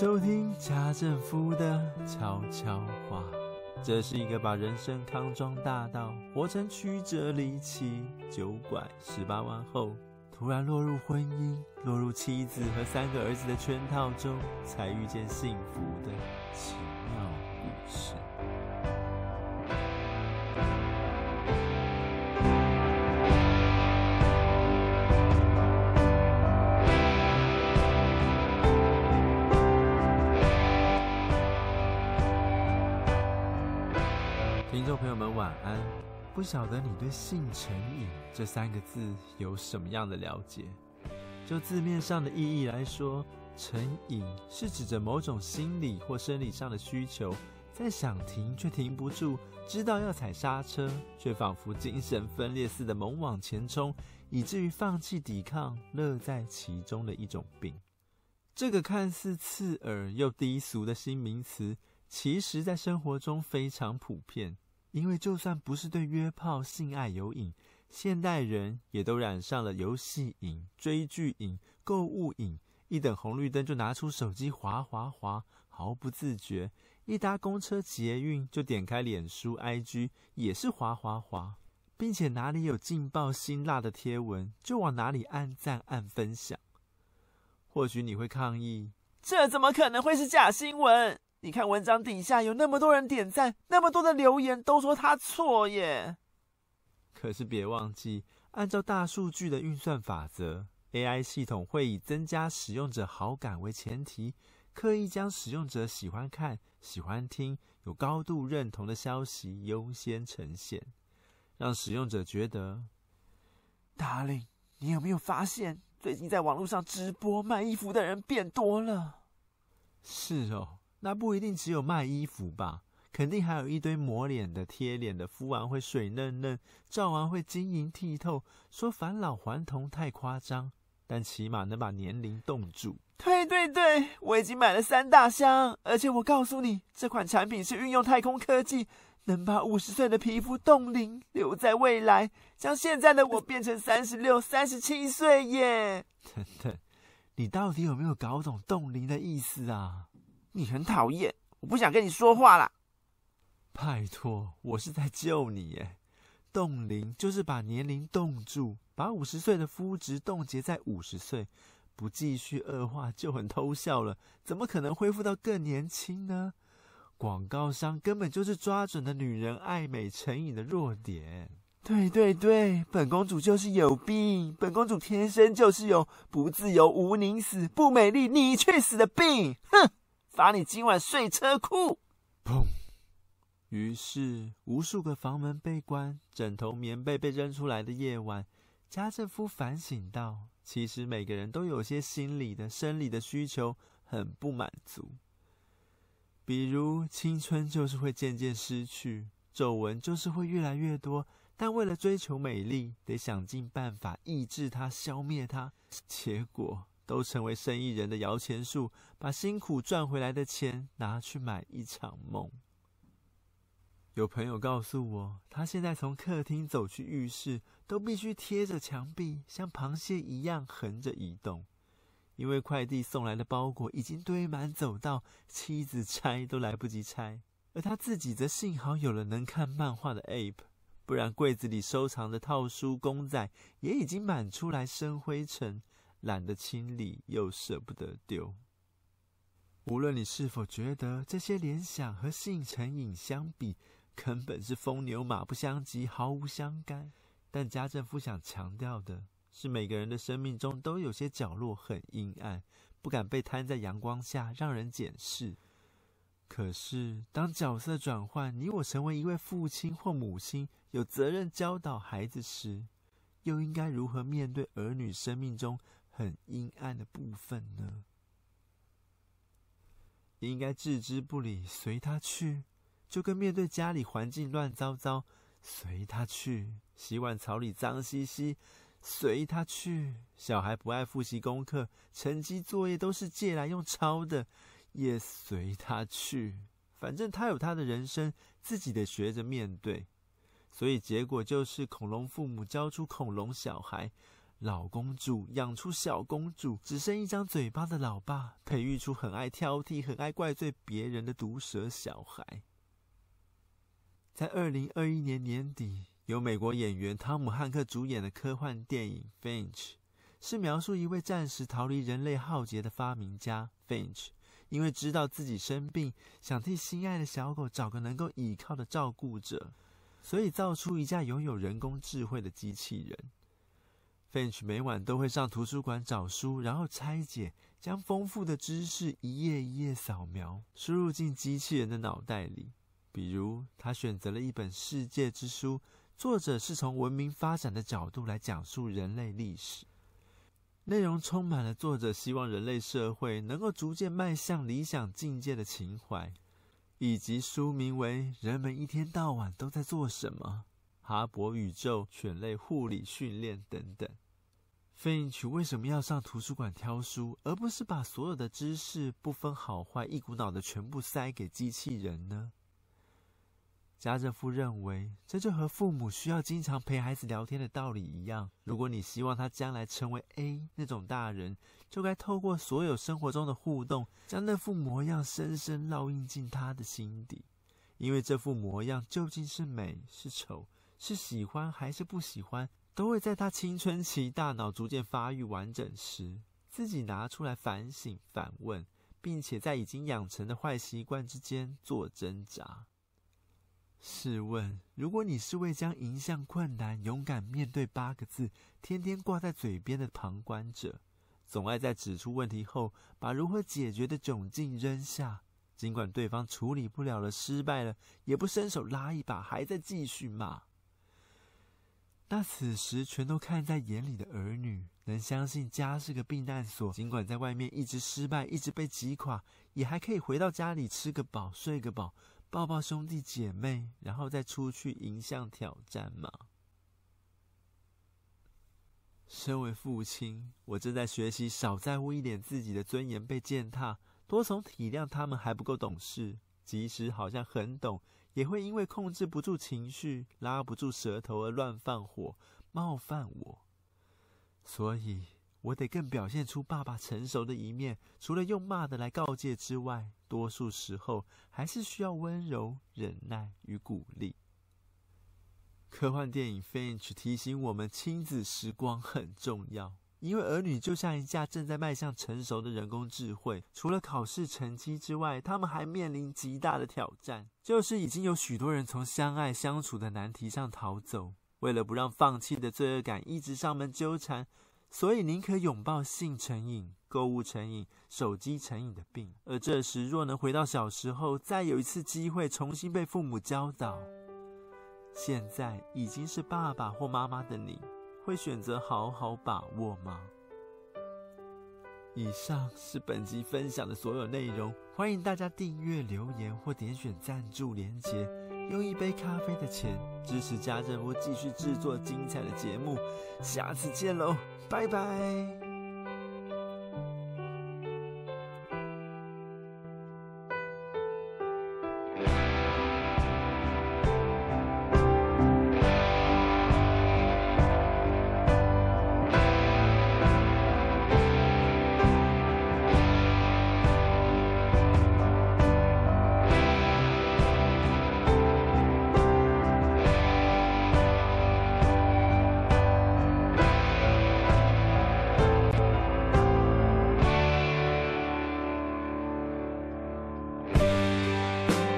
收聽家政夫的悄悄話。這是一個把人生康莊大道活成曲折離奇、九拐十八彎後，突然落入婚姻、落入妻子和三個兒子的圈套中，才遇見幸福的奇妙故事。不曉得你對“性成癮”這三個字有什麼樣的了解？就字面上的意義來說，“成癮”是指着某種心理或生理上的需求，在想停卻停不住，知道要踩剎車卻仿佛精神分裂似的猛往前衝，以至於放棄抵抗，樂在其中的一種病。這個看似刺耳又低俗的新名詞，其實在生活中非常普遍。因為就算不是對約炮、性愛有癮，現代人也都染上了遊戲癮、追劇癮、購物癮。一等紅綠燈就拿出手機滑滑滑，毫不自覺；一搭公車、捷運就點開臉書、IG，也是滑滑滑。並且哪裡有勁爆辛辣的貼文，就往哪裡按讚、按分享。或許你會抗議：這怎麼可能會是假新聞？你看文章底下有那麼多人點讚，那麼多的留言都說他錯耶。可是別忘記，按照大數據的運算法則，AI 系統會以增加使用者好感為前提，刻意將使用者喜歡看、喜歡聽、有高度認同的消息優先呈現，讓使用者覺得。達令，你有沒有發現最近在網絡上直播賣衣服的人變多了？是哦。那不一定只有賣衣服吧？肯定還有一堆抹臉的、貼臉的，敷完會水嫩嫩，照完會晶瑩剔透。說返老還童太誇張，但起碼能把年齡凍住。對對對，我已經買了三大箱，而且我告訴你，這款產品是運用太空科技，能把五十歲的皮膚凍齡留在未來，將現在的我變成三十六、三十七歲耶！等等，你到底有沒有搞懂凍齡的意思啊？你很討厭，我不想跟你說話啦。拜託，我是在救你耶。凍齡就是把年齡凍住，把五十歲的膚質凍結在五十歲，不繼續惡化就很偷笑了。怎麼可能恢復到更年輕呢？廣告商根本就是抓準了女人愛美成癮的弱點。對對對，本公主就是有病。本公主天生就是有不自由無寧死，不美麗你去死的病。哼。罰你今晚睡車庫。砰！於是無數個房門被關，枕頭、棉被被扔出來的夜晚，家政夫反省道：其實每個人都有些心理的、生理的需求很不滿足。比如青春就是會漸漸失去，皺紋就是會越來越多。但為了追求美麗，得想盡辦法抑制它、消滅它。結果，都成為生意人的搖錢樹，把辛苦賺回來的錢拿去買一場夢。有朋友告訴我，他現在從客廳走去浴室，都必須貼着牆壁，像螃蟹一樣橫着移動，因為快遞送來的包裹已經堆滿走道，妻子拆都來不及拆，而他自己則幸好有了能看漫畫的 App，不然櫃子裡收藏的套書公仔也已經滿出來生灰塵。懶得清理，又捨不得丟。無論你是否覺得這些聯想和性成癮相比，根本是風牛馬不相及，毫無相干。但家政夫想強調的是，每個人的生命中都有些角落很陰暗，不敢被攤在陽光下讓人檢視。可是，當角色轉換，你我成為一位父親或母親，有責任教導孩子時，又應該如何面對兒女生命中，很陰暗的部分呢，應該置之不理，隨他去，就跟面對家裡環境亂糟糟，隨他去；洗碗槽裡髒兮兮，隨他去；小孩不愛複習功課，成績作業都是借來用抄的，也隨他去。反正他有他的人生，自己得學着面對。所以結果就是，恐龍父母教出恐龍小孩。老公主養出小公主，只剩一張嘴巴的老爸，培育出很愛挑剔、很愛怪罪別人的毒舌小孩。在二零二一年年底，由美國演員湯姆·漢克主演的科幻電影《Finch》，是描述一位暫時逃離人類浩劫的發明家 Finch，因為知道自己生病，想替心愛的小狗找個能夠依靠的照顧者，所以造出一架擁有人工智慧的機器人。Fench 每晚都會上圖書館找書，然後拆解，將豐富的知識一頁一頁掃描，輸入進機器人的腦袋裡。比如，他選擇了一本《世界之書》，作者是從文明發展的角度來講述人類歷史，內容充滿了作者希望人類社會能夠逐漸邁向理想境界的情懷，以及書名為《人們一天到晚都在做什麼》。哈勃宇宙、犬類護理訓練等等。Finch 為什麼要上圖書館挑書，而不是把所有的知識不分好壞一股腦的全部塞給機器人呢？家政夫認為，這就和父母需要經常陪孩子聊天的道理一樣。如果你希望他將來成為 A 那種大人，就該透過所有生活中的互動，將那副模樣深深烙印進他的心底，因為這副模樣究竟是美是醜。是喜歡還是不喜歡，都會在他青春期大腦逐漸發育完整時，自己拿出來反省、反問，並且在已經養成的壞習慣之間做掙扎。試問，如果你是為將“迎向困難，勇敢面對”八個字天天掛在嘴邊的旁觀者，總愛在指出問題後，把如何解決的窘境扔下，儘管對方處理不了了、失敗了，也不伸手拉一把，還在繼續罵。那此時全都看在眼裡的兒女，能相信家是個避難所？儘管在外面一直失敗，一直被擊垮，也還可以回到家裡吃個飽、睡個飽，抱抱兄弟姐妹，然後再出去迎向挑戰嗎？身為父親，我正在學習少在乎一點自己的尊嚴被踐踏，多從體諒他們還不夠懂事。即使好像很懂，也會因為控制不住情緒、拉不住舌頭而亂放火，冒犯我。所以，我得更表現出爸爸成熟的一面。除了用罵的來告誡之外，多數時候還是需要溫柔、忍耐與鼓勵。科幻電影《Finch》提醒我們，親子時光很重要。因為兒女就像一架正在邁向成熟的人工智慧，除了考試成績之外，他們還面臨極大的挑戰。就是已經有許多人從相愛相處的難題上逃走，為了不讓放棄的罪惡感一直上門糾纏，所以寧可擁抱性成癮、購物成癮、手機成癮的病。而這時若能回到小時候，再有一次機會重新被父母教導，現在已經是爸爸或媽媽的你。會選擇好好把握嗎？以上是本集分享的所有內容，歡迎大家訂閱、留言或點選贊助連結，用一杯咖啡的錢支持家政屋繼續制作精彩的節目。下次見嘍，拜拜。